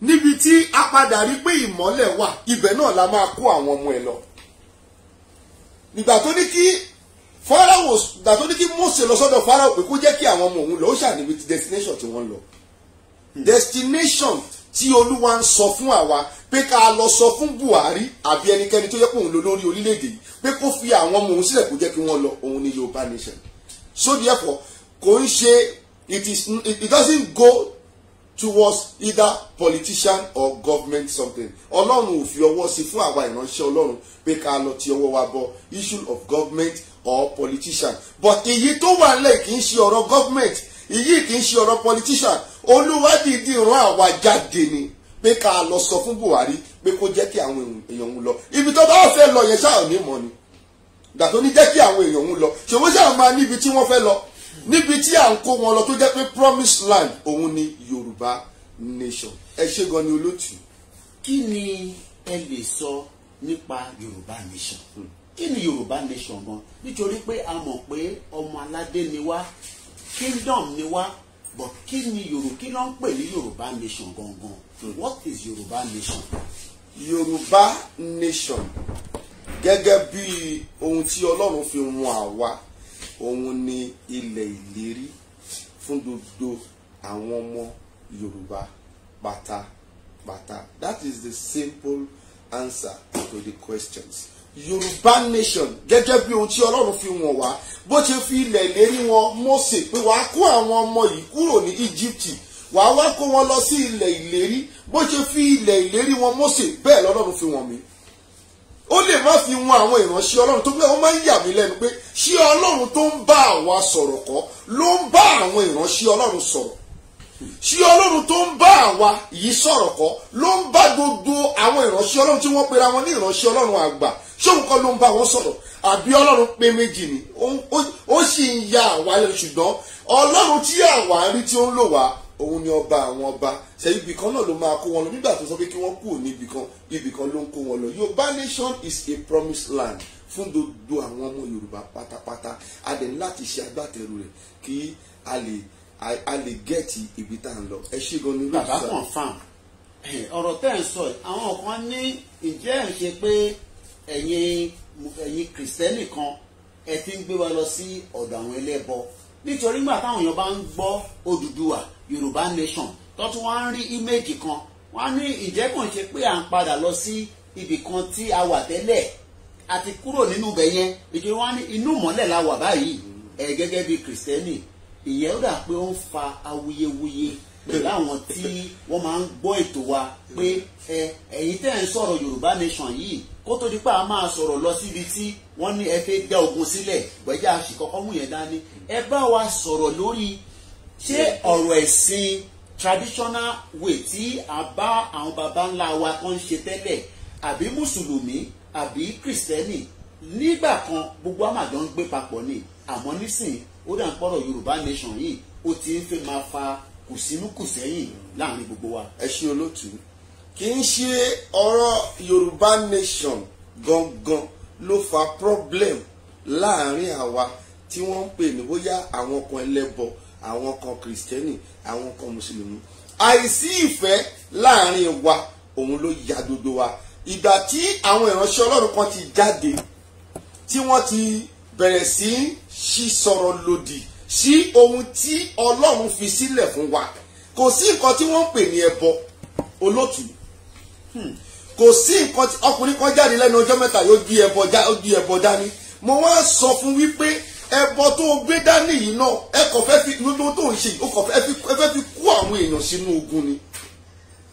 níbi tí a padà rí pé ìmọ́lẹ̀ wà ibẹ̀ náà la máa kó àwọn ọmọ ẹ lọ nígbà tó ní kí Fáráò ìgbà tó ní kí Mósè lọ sọ́dọ̀ Fáráò pé kó jẹ́ kí àwọn ọmọ òun lọ ó ṣàníbi destination tí wọ́n lọ hmm. destination tí olúwa ń sọ fún àwa pé ká lọ sọ fún buhari àbí ẹnikẹ́ni tó yẹ kó òun lò lórí orílẹ̀-èdè yìí pé kó fi àwọn ọmọ òun sílẹ̀ kó jẹ́ kí wọ́n lọ òun ní yorùbá nation so therefore kò ń ṣe it is it doesn't go towards either politician or government something ọlọ́run ò fi ọwọ́ sí fún àwa ìránṣẹ́ ọlọ́run pé ká lọ ti ọwọ́ wa bọ issue of government or politician but èyí tó wà nílẹ̀ kì í ṣe ọ̀rọ̀ government èyí kì í ṣe ọ̀rọ̀ politician olúwa dìídì rán àwa jáde ni pé ká lọ sọ fún Buhari pé kó jẹ́ kí àwọn èèyàn òun lọ ibi tó bá wà fẹ́ lọ yẹn ṣáà ní mọ̀ ni gbàtó ní jẹ́ kí àwọn èèyàn òun lọ ṣòwò ṣáà máa níbi tí wọ́n fẹ́ lọ níbi tí à ń kó wọn lọ tó jẹ́ pé promise land òun ni Yorùbá nation ẹ ṣe gan ni olótùú. kí ni ẹ lè sọ nípa Yorùbá nation hmm. kí ni Yorùbá nation gan nítorí pé a mọ̀ pé ọmọ aládé ni wá kingdom ni wá but kí ni yorùbá kí ló ń pè ní yorùbá nation gangan hmm. what is yorùbá nation. yorùbá nation gẹ́gẹ́ bí ohun tí ọlọ́run fi wọn àwa òun ni ilẹ̀ ìlérí fún gbogbo àwọn ọmọ yorùbá pátápátá that is the simple answer to the questions yorùbá nation gẹ́gẹ́ bí ohun tí ọlọ́run fi wọ̀n wá bó ṣe fi ilẹ̀ lérí wọn Mósè pé wàá kó àwọn ọmọ yìí kúrò ní egypt wàá wá kó wọn lọ sí ilẹ̀ ìlérí bó ṣe fi ilẹ̀ ìlérí wọn Mósè bẹ́ẹ̀ lọ́lọ́run fi wọ̀n mí ó lè má fi wọn àwọn ìránṣẹ́ ọlọ́run tó pé wọ́n máa ń yà mí lẹ́nu pé ṣé ọlọ́run tó ń bá àwa sọ̀rọ̀ kọ́ ló ń bá àwọn ìránṣẹ́ ọlọ́run sọ̀rọ̀ ṣé ọlọ́run tó ń bá àwa yìí sọ̀rọ̀ kọ́ ló ń bá gbogbo àwọn ìránṣẹ́ ọlọ́run tí wọ́n pera wọn ní ìránṣẹ́ ọlọ́run àgbà ṣóun kọ́ ló ń bá wọn sọ̀rọ̀ àbí ọlọ́run pé méjì ni ó sì ń ya àwa lẹ́nu ṣùgbọ́n ọlọ́run tí àwa ń rí tí ó ń lò wá òun ni ọba àwọn ọba ṣe ibì kan náà ló máa kó wọn lọ nígbà tó sọ pé kí wọ́n kú ní kan ibì kan ló ń kó wọn lọ Yorùbá nation is a promised land fún gbogbo àwọn ọmọ Yorùbá pátápátá a dẹ̀ ní láti ṣe agbátẹrù rẹ̀ kí a lè a lè gẹ̀ẹ́tì ibi tá à ń lọ ẹ ṣe gan ni. bàbá kan fàn ọ̀rọ̀ tẹ́ ń sọ àwọn kan ní ìjẹ́ ẹ̀ ń ṣe pé ẹ̀yin ẹ̀yin kìrìsìtẹ́nì kan ẹ ti ń gbé wa lọ sí ọ̀dọ̀ àwọn ẹlẹ́bọ nítorí nígbà táwọn èèyàn bá ń gbọ́ Odùduwà Yorùbá nation tó tún wá ń rí íméèjì kan wọ́n á ní ìjẹ́ kàn ṣe pé à ń padà lọ sí ibì kan tí a wà tẹ́lẹ̀ àti kúrò nínú ibẹ̀ yẹn ìjọba wọ́n á ní inú mọ́lẹ̀ la wà báyìí ẹ̀ gẹ́gẹ́ bí kìrìsìtẹ́nì ìyẹn ó dà pé ó ń fa awuyewuye pẹ̀lú àwọn tí wọ́n máa ń gbọ́ ètò wa pé ẹ ẹ̀yin tẹ́ ń sọ̀rọ̀ Yorùbá nation yìí kó tó di pé a máa sọ̀rọ̀ lọ síbi tí wọ́n ní ẹ fẹ́ dá ogun sílẹ̀ gbẹ́jà àṣìkọ́kọ́ mú yẹn dání ẹ bá wa sọ̀rọ̀ lórí ṣé ọ̀rọ̀ ẹ̀sìn traditional way tí a bá àwọn baba ńlá wa kan ṣe tẹ́lẹ̀ àbí mùsùlùmí àbí kìrìsìtẹ́nì nígbà kan gbogbo àmàjọ ń gbé papọ̀ ni àmọ́ nísìn ó dà ń pọ̀rọ̀ yorùbá nation yìí ó ti ń fẹ́ máa fa kùsínúkùsẹ́yìn láàrin gbogbo wa. ẹ ṣe olótú kì í ṣe ọ̀rọ̀ yorùbá nation gangan ló fa problem láàrin àwa tí wọ́n ń pè ní bóyá àwọn kan ẹlẹ́bọ àwọn kan kìrìsìtẹ́nì àwọn kan mùsùlùmí àìsí ìfẹ́ láàrin wa òun ló ya gbogbo wa ìgbà tí àwọn ìránṣẹ́ ọlọ́run kan ti jáde tí wọ́n ti bẹ̀rẹ̀ sí sí sọ̀rọ̀ lòdì sí ohun tí ọlọ́run fi sílẹ̀ fún wa kò sí nǹkan tí wọ́n ń pè ní ẹbọ olótù hmm. kò sí nǹkan tí ọkùnrin kan jáde lẹ́nu ọjọ́ mẹ́ta yóò gbé ẹbọ dání mo wá sọ fún wípé ẹbọ tó gbé dání yìí náà ẹ kò fẹ́ fi gbogbo tó ń ṣe ìkọ̀ ẹ fẹ́ fi kó àwọn èèyàn sínú ogun ni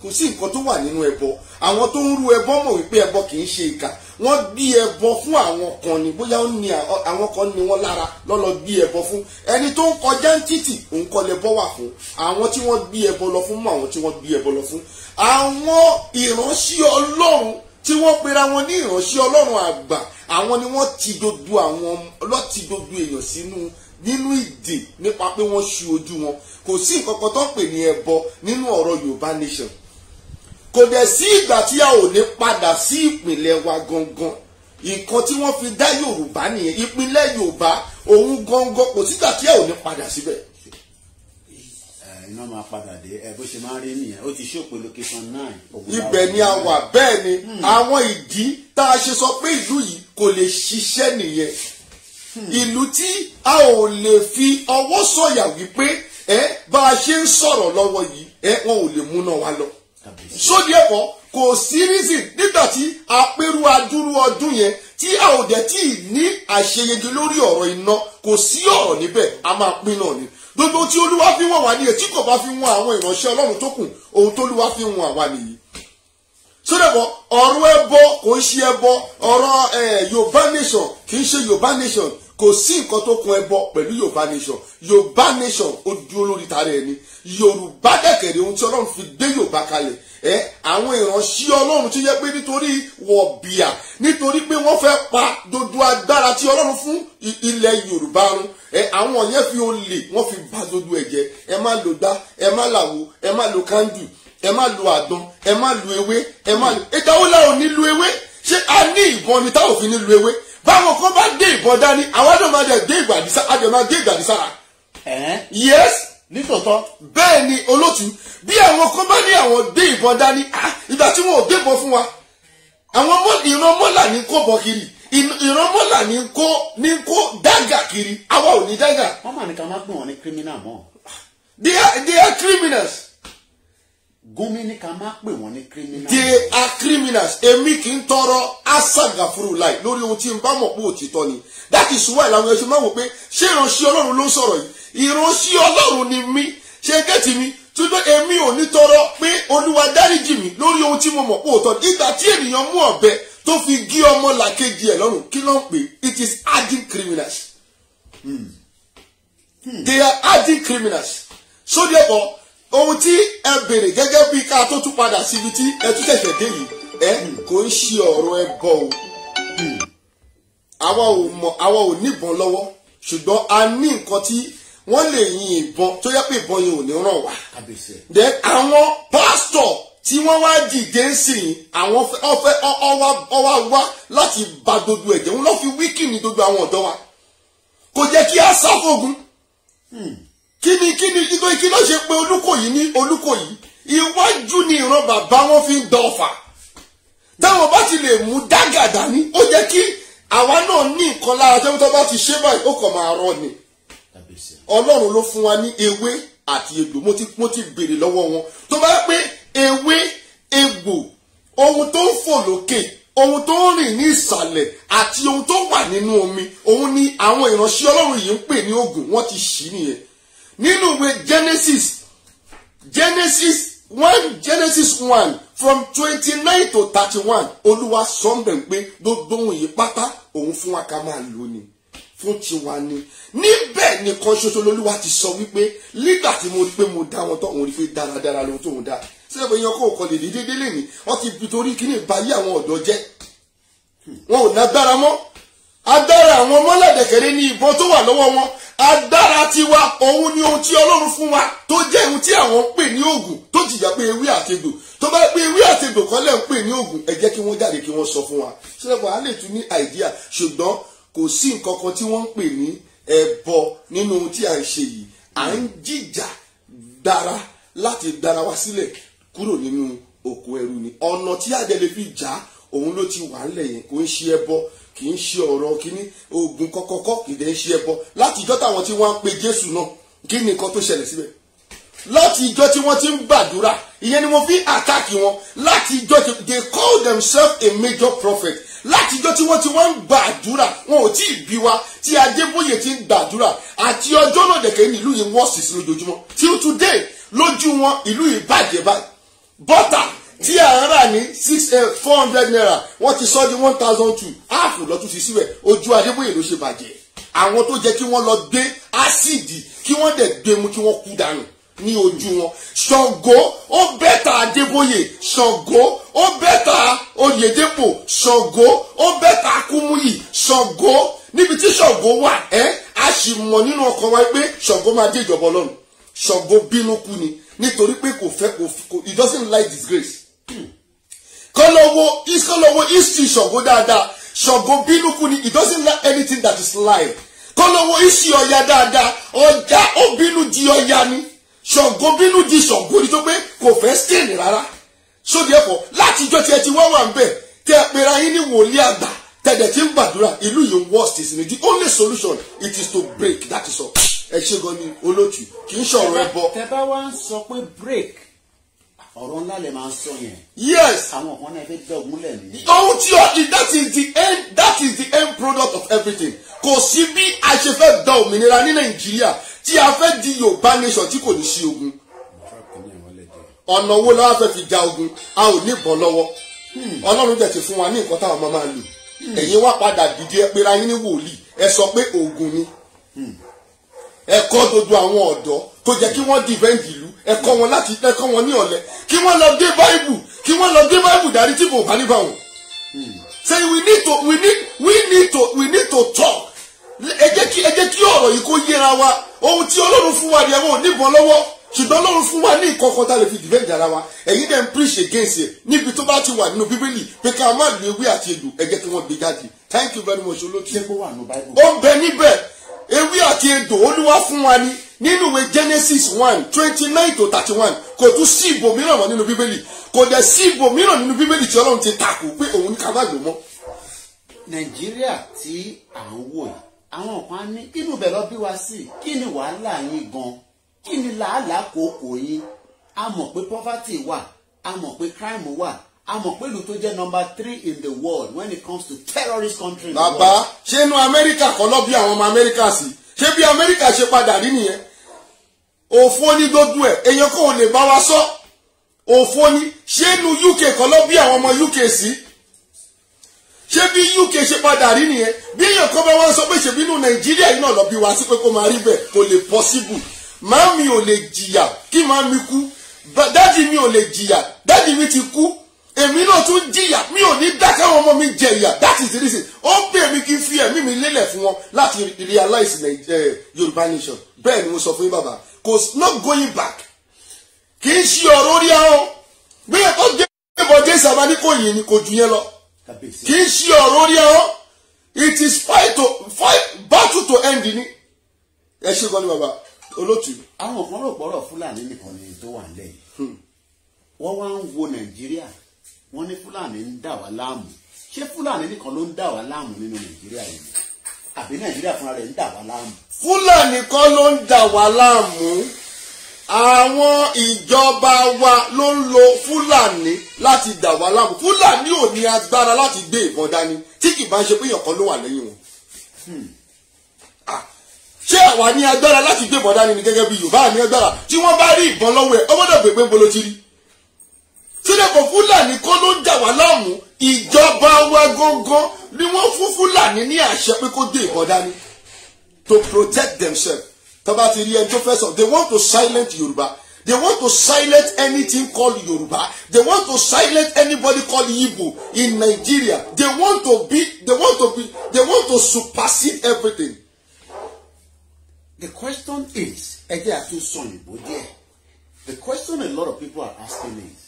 kò sí nǹkan tó wà nínú ẹbọ àwọn tó ń ru ẹbọ mọ̀ wípé ẹbọ kì í ṣe ìkà wọ́n bí ẹbọ fún àwọn kan ni bóyá ó ní àwọn kan ní wọ́n lára lọ́lọ́ bí ẹbọ fún ẹni tó ń kọjá ń títì òun kọ́ lẹ́bọ wà fún àwọn tí wọ́n bí ẹbọ lọ fún mọ́ àwọn tí wọ́n bí ẹbọ lọ fún àwọn ìránṣẹ́ ọlọ́run tí wọ́n pera wọn ní ìránṣẹ́ ọlọ́run àgbà àwọn ni wọ́n ti dodo àwọn lọ́ti dodo èèyàn sínú nínú ìdè nípa pé wọ́n ṣu ojú wọn kò sí nǹkan kan tó ń pè ní ẹbọ nínú ọ̀rọ̀ Yorùbá nation kò dẹ̀ sí ìgbà tí a ò ní padà sí ìpìlẹ̀ wa gangan nǹkan tí wọ́n fi dá Yorùbá nìyẹn ìpìlẹ̀ Yorùbá òun gangan kò sígbà tí a ò ní padà síbẹ̀. iná máa padà dé ẹ ṣe máa rí nìyẹn ó ti ṣòpin location nine. ibẹ̀ ni a wà bẹ́ẹ̀ ni hmm. àwọn ìdí tá a ṣe sọ pé ìlú yìí kò lè ṣiṣẹ́ nìyẹn hmm. ìlú tí a ò lè fi ọwọ́ sọ̀yà wípé bá a ṣe ń sọ̀rọ̀ lọ́wọ́ yìí wọn ò lè múná wa lọ so therefore kò sí reason nígbà tí apẹ́rù adúrú ọdún yẹn tí a ò dẹ̀ tí ì ní àṣeyege lórí ọ̀rọ̀ iná kò sí ọ̀rọ̀ níbẹ̀ a máa pín náà ni gbogbo tí olúwa fi wọ̀n wá ní etí kò bá fi wọn àwọn ìránṣẹ́ ọlọ́run tó kù ohun tó olúwa fi wọn àwa nìyí so therefore ọ̀rọ̀ ẹbọ kò ń ṣe ẹbọ ọ̀rọ̀ eh, yorùbá nation kì í ṣe yorùbá nation kò sí nǹkan tó kun ẹbọ pẹ̀lú yorùbá nation yorùbá nation ó dúró lórí tààrà ẹni yorùbá kẹ̀kẹ̀rẹ̀ ohun tí ọlọ́run fi gbé yorùbá kalẹ̀ ẹ àwọn ìránṣẹ́ ọlọ́run ti yẹ pé nítorí wọ̀bìà nítorí pé wọ́n fẹ́ pa dodo agbára tí ọlọ́run fún ilẹ̀ yorùbá run ẹ àwọn yẹn fi olè wọ́n fi bà dodo ẹ̀ jẹ́ ẹ má lo dá ẹ má làwo ẹ má lo kándù ẹ má lo àgbọn ẹ má lo ewé ẹ má lo ìgbà wo la ò ní lo ewé ṣé a ní ìbọn ni táwọn òfin ní lo ewé báwọn kan bá dé ìbọn dání àwọn àdó máa dé ìgbàdísára. yes nítòótọ́ bẹ́ẹ̀ ni olótú bí àwọn kan bá ní àwọn gbé ìbọn dání ah, ìgbà tí wọn ò gbé ìbọn fún wa àwọn ìran mọ́là ní kó bọ́ kiri ìran mọ́là ní kó ní kó dága kiri àwa ò ní dága. wọ́n mà ní ká má gbọ̀n wọn ní criminal mọ́. they are they are criminals. Gumi ní ká má pè wọ́n ní criminals. they are criminals èmi kì í tọrọ asagafuru láì lórí ohun tí n bá mọ̀ pé òtítọ́ ni that is why làwọn ẹṣin máa wò pé ṣé ìránṣẹ́ Ọlọ́run ló ń sọ̀rọ̀ yìí ìránṣẹ́ ọlọ́run ni mí ṣe gẹ́tì mi túnbọ̀ èmi ò ní tọrọ pé olúwa dáríjì mi lórí ohun tí mo mọ̀ pé òótọ́ ìgbà tí ènìyàn mú ọ̀bẹ tó fi gé ọmọ làkejì ẹ̀ lọ́rùn kí ló ń pè it is adding criminals hmm. Hmm. they are adding criminals so therefore ohun tí ẹ bèrè gẹ́gẹ́ bí ká tó tún padà síbi tí ẹ tún ṣẹ̀ṣẹ̀ dé yìí ẹ hmm. kò ń ṣe ọ̀rọ̀ ẹ bọ̀ o àwa ò mọ̀ àwa ò níbọn lọ́wọ́ ṣùgbọ́n a ní nǹkan tí wọ́n lè yin ìbọn tó yẹ pé ìbọn yẹn ò ní ràn wá. then àwọn pásítọ̀ tí wọ́n wá dìde ń sìn àwọn ọfẹ ọwá wá láti ba gbogbo ẹ̀jẹ̀ wọn lọ́ọ́ fi wíkì ní gbogbo àwọn ọ̀dọ́ wa kò jẹ́ kí a sá fògùn hmm. kíni kíni kí ló ṣe pé Olúkòyí ní Olúkòyí iwájú ni ìran bàbá wọn fi ń dán ọfà táwọn bá ti lè mú dágàdá ní ó jẹ́ kí àwa náà ní nǹkan lára tẹ́wọ́n tó bá ti ṣe báyìí ó kàn máa rọ ni ọlọ́run ló fún wa ní ewé àti egbò mo ti mo ti béèrè lọ́wọ́ wọn tó bá pé ewé egbò ohun tó ń fò lókè ohun tó ń rìn ní ìsàlẹ̀ àti ohun tó wà nínú omi òun ni àwọn ìránṣẹ́ ọlọ́run yìí ń pè ní ogun wọ́n ti ṣì nìyẹn nínú ìwé Genesis Genesis one Genesis one from twenty nine to thirty one olúwa sọ́ńbẹ̀ ń pé gbogbo ohun yìí pátá òun fún wa ká máa lò ni fún tiwa ni níbẹ̀ nìkan ṣoṣo lolúwa ti sọ wípé nígbà tí mo pé mo dá wọn tó òun rí dáradára lóhun tó òun dá sílẹ̀ bóyá kó kọ́ lè dédé délé ni wọ́n ti torí kíní báyé àwọn ọ̀dọ́ jẹ́ wọn ò nágbára mọ́ agbára àwọn ọmọlẹ́dẹ̀kẹ́rẹ́ ní ìbọn tó wà lọ́wọ́ wọn agbára tiwa òun ni ohun tí ọlọ́run fún wa tó jẹ́ ohun tí àwọn ń pè ní oògùn tó jìyà pé ewé àtegbò tó bá pé ewé àtegbò kọ́lẹ̀ ń pè ní oògùn ẹ kí wọ́n jáde kí wọ́n sọ fún wa sílẹ̀ bọ̀ á lè tún ní àìdíà ṣùgbọ́n kò sí nǹkan kan tí wọ́n ń pè ní ẹbọ nínú ohun tí à ń ṣe yìí à ń jìjà dára láti dára wa sílẹ̀ kúrò nínú òkú ẹrú ni ọ̀nà tí àjẹlẹ̀ fi jà òun ló ti wà ńlẹ̀ yẹn kò ń ṣe ẹbọ kì í ṣe ọ̀rọ̀ kínní oògùn kọ́kọ́kọ́ kì í dẹ̀ ń ṣe ẹbọ láti ìjọ́ táwọn tí wọ́n ń pe Jésù náà kí ni nǹkan tó ṣẹlẹ̀ síbẹ̀ láti ìjọ́ tí wọ́n ti ń gbàdúrà ìyẹn ni mo fi àtàkì wọn láti ìjọ́ tí they call themselves a major prophet látijọ́ tí wọ́n ti wọ́n ń gbàdúrà wọn ò tí ì bí wa tí adébóyè ti ń gbàdúrà àti ọjọ́ náà dẹ̀kẹ́ ní ìlú yìí wọ́n sì sí lójoojúmọ́ till today lójú wọn ìlú yìí bàjẹ́ báyìí bọ́tà tí à ń rà ní six eh, four hundred naira wọ́n ti sọ di one thousand two áàfù lọ́tún sí síbẹ̀ ojú adébóyè ló ṣe bàjẹ́ àwọn tó jẹ́ kí wọ́n lọ gbé ásíìdì kí wọ́n dẹ̀ gbé mu kí wọ́n kú dànù ní ojú wọn ṣàngó ó bẹ́tà adébóyè ṣàngó ó bẹ́ta oyèdèpò ṣàngó ó bẹ́ta akúmúyì ṣàngó níbi tí ṣàngó wà ẹ́ a sì mọ̀ nínú ọkàn wa pé ṣàngó máa dé ìjọba ọlọ́run ṣàngó bínú kú ni nítorí pé kò fẹ́ kò he doesn't like disgrace wo kọ́lọ́wọ́ kọ́lọ́wọ́ history ṣàngó dáadáa ṣàngó bínú kú ni he doesn't like anything that is lie. life kọ́lọ́wọ́ history ọya dáadáa ọjà ó bínú di ọya ni ṣàngó bínú di ṣàngó ni tó pé kò fẹ́ stain rárá so therefore láti ìjọ tí ẹ ti wá wà ń bẹ̀ tẹ pera yín ní wòlíì àgbà tẹ̀dẹ̀ tí ń gbàdúrà ìlú yìí worst is the only solution it is to break that is all ẹ ṣe gan ni olóòtú kì í ṣọ̀rọ̀ ẹ bọ. tẹ bá wá ń sọ pé break ọ̀rọ̀ ńlá lè máa sọ yẹn. yes àwọn kan náà fẹ́ dọ̀gún lẹ̀ ohun tí o di that is the end that is the end product of everything kò sí bí a ṣe fẹ́ dá òmìnira ní nàìjíríà tí a fẹ́ di yorùbá nation tí kò ní sí ogun ọ̀nà owó lọ́wọ́ fẹ́ fi ja ogun a ò ní ìbọn lọ́wọ́ ọlọ́run dẹ̀ ti fún wa ní nǹkan táwọn ọmọ máa lò ẹ̀yin wá padà dìde ẹ pera yín ní wòlíì ẹ sọ pé oògùn ni ẹ kọ́ dodo àwọn ọ̀dọ́ tó jẹ́ kí wọ́n dìbẹ́ǹdì ìlú ẹ kọ́ wọn láti ẹ kọ́ wọn ní ọ̀lẹ kí wọ́n lọ dé báìbù kí wọ́n lọ dé báìbù darí tí kò bá ní báwọn. say we need to we need we need to we need to talk ẹ jẹ́ kí ẹ jẹ́ kí ọ̀rọ̀ yìí kó yẹra wa ohun tí ọlọ́run fún wa ni ẹ wọ́n ò níbọn lọ́wọ́ ṣùgbọ́n lọ́run fún wa ní ìkọ̀kọ̀ tá a lè fi dìbẹ́ ìdára wa ẹ̀yin dẹ̀ ń preach against ẹ̀ níbi tó bá ti wà nínú bíbélì pé ká má lu ewé àti èlò ẹ̀jẹ̀ kí wọ́n gbé jáde thank you very much olóòtú. ṣé kó wà ní báyìí. ó bẹ níbẹ̀ ewé àti èdò olúwa fún wa ní nínú ìwé genesis one twenty nine to thirty one kò tún sí ibòmíràn mọ́ nínú bíbélì kò dẹ̀ sí ibòmíràn nínú bíbélì tí ọlọ́run ti takò pé òun ní ká má lò mọ́. nàìjíríà tí à ń wò yìí àwọn kan á ní inú bẹ̀ lọ bí wa sí kí ni kí ni làálàá kòókò yín a mọ̀ pé poverty wà a mọ̀ pé crime wà a mọ̀ pé ìlú tó jẹ́ number three in the world when it comes to terrorist country. bàbá ṣé inú amẹ́ríkà kọ́ lọ́ bí àwọn ọmọ amẹ́ríkà sí ṣé bí amẹ́ríkà ṣe padà rí nìyẹn òfò ní gbogbo ẹ̀ èèyàn kò lè bá wa sọ òfò ní ṣé inú uk kọ́ lọ́ bí àwọn ọmọ uk sí ṣé bí uk ṣe padà rí nìyẹn bí èèyàn kọ́ bá wọn sọ pé ṣèbí inú nàìjíríà yìí náà lọ bí wa sí pé kó máa rí bẹ́ẹ̀ kò lè possible màá mi ò lè jìyà kí màá mi kú dáàdì mi ò lè jìyà dáàdì mi ti kú èmi náà tún jìyà mi ò ní dákẹ́ ọmọ mi jẹ ìyà that is the reason ó pè mí kí n fi ẹ̀mí mi lélẹ̀ fún wọn láti realize eh, Yorùbá nation bẹ́ẹ̀ ni mo sọ fún yín bàbá kò no going back kì í ṣe ọ̀rọ̀ orí ahọ́n bí ẹ̀ tó jẹ́ ìbọn jésù àbáni kò yìn ni kò jù yẹn lọ kì í ṣe ọ̀rọ̀ orí ahọ́n it is fight to fight battle to end ni ẹ ṣe gan ni bàbá olótù àwọn kan rò pọ̀rọ̀ fúlàní nìkan ni tó wà nílẹ̀ yìí hmm. wọ́n wá ń wo nàìjíríà wọ́n ní fúlàní ń dà wá láàmú ṣé fúlàní nìkan ló ń dà wá láàmú nínú nàìjíríà yìí àbí nàìjíríà fúnra rẹ̀ ń dà wá láàmú. fúlàní kọ́ ló ń dà wá láàmú àwọn ìjọba wa ló ń lo fúlàní láti dà wá láàmú fúlàní ò ní agbára láti gbé ìbọn dání tí kì bá ń ṣe pé èèyàn kan ló wà lẹ́yìn wọn. Hmm ṣé àwa ní agbára láti gbé bọ̀dá ni gẹ́gẹ́ bí Yorùbá ní agbára tí wọ́n bá rí ìbọn lọ́wọ́ ẹ̀ ọgbọ́dọ̀ gbègbè bolo ti rí Fúlàní kọ́ ló ń dà wá láàmú ìjọba wa gangan ni wọ́n fún Fúlàní ní àṣẹ pé kó gbé ìbọn dání to protect themselves tó ti rí ẹni tó they want to silent Yorùbá they want to silent anything called Yorùbá they want to silent anybody called Igbo in Nigeria they want to be they want to be they want to supersede everything the question is ẹ jẹ́ àti sọ òyìnbó díẹ̀ the question a lot of people are asking is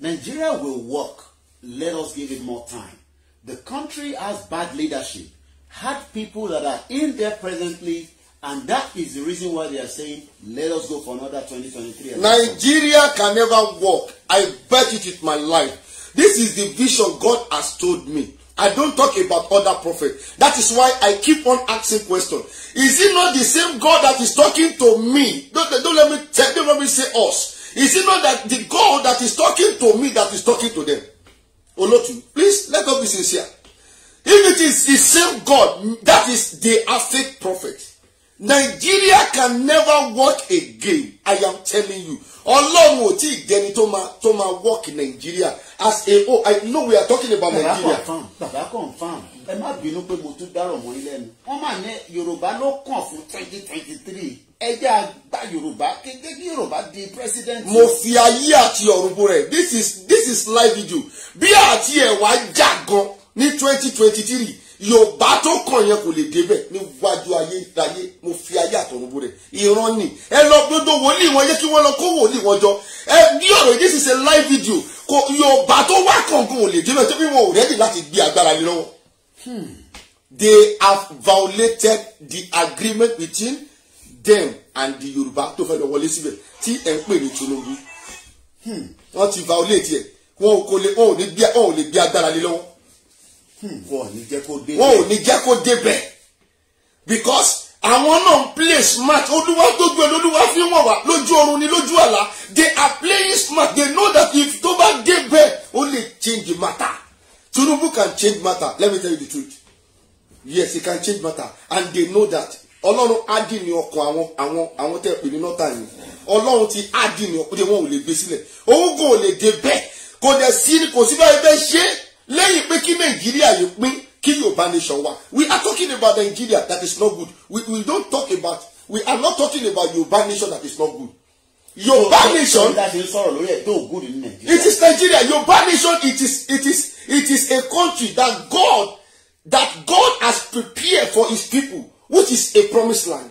Nigeria will work let us give it more time the country has bad leadership hard people that are in there presently and that is the reason why they are saying let us go for another twenty twenty three election. Nigeria can never work I bet it with my life this is the vision God has told me I don't talk about other prophets. That is why I keep on asking questions. Is it not the same God that is talking to me? Don't, don't let me tell, don't let me say us. Is it not that the God that is talking to me that is talking to them? Olotu, please let us be sincere. If it is the same God that is the fake prophet, Nigeria can never work again. I am telling you ọlọ́run ò tí ì jẹni tó máa tó máa work nàìjíríà as a whole i know we are talking about baba nàìjíríà. bàbá confam bàbá confam ẹ má bínú pé mo tún dárò mọ́ ilé mi wọ́n máa ní yorùbá ló kàn fún twenty twenty three ẹ jẹ́ àgbà yorùbá kéde kí yorùbá di president. mo fi ayé àti ọ̀run bo this is this is live video bí àti ẹ̀wà jà gan ní twenty twenty three yorùbá tó kàn yẹn kò lè débẹ̀ níwájú ayé ìdáyé mo fi ayé àtọ̀run bó rẹ̀ ìran ni ẹ lọ gbogbo wòlíì wọn yẹ kí wọ́n lọ kó wòlíì wọn jọ ẹ bí ọ̀rọ̀ yìí sì ṣe live video kò yorùbá tó wá kọ̀ọ̀kan ò lè débẹ̀ tó bí wọn ò rẹ́dì láti gbé agbára mi lọ́wọ́. Hmm. they have violated the agreement between them and the yorùbá tó fẹ́ lọ wọlé síbẹ̀ tí ẹ̀ ń pè ní Tinubu hmm. wọ́n ti violate ẹ̀ wọn ò lè gbé agbára lé lọ́wọ́ Hmm. wọn ò ní jẹ́ kó débẹ̀. wọn ò ní jẹ́ kó débẹ̀ because àwọn náà ń play smart olúwa tó gbé olúwa fi wọ̀n wá lójú oorun ni lójú àlá they are playing smart they know that if tó bá débẹ̀ ó lè change the matter Tinubu can change matter let me tell you the truth yes he can change matter and they know that ọlọ́run ádì ní ọkàn àwọn àwọn àwọn tẹ́ pè ní nọ́tà yìí ọlọ́run ti ádì ní ọkàn tí wọn ò lè gbé sílẹ̀ òun kò lè débẹ̀ kò dẹ̀ sí kò sí báyìí bẹ́ẹ̀ ṣe lẹ́yìn pé kí nàìjíríà yìí pín kí yorùbá nation wà we are talking about nigeria that is not good we we don't talk about we are not talking about yorùbá nation that is not good yorùbá so, nation it is nigeria yorùbá nation it is it is it is a country that god that god has prepared for his people which is a promised land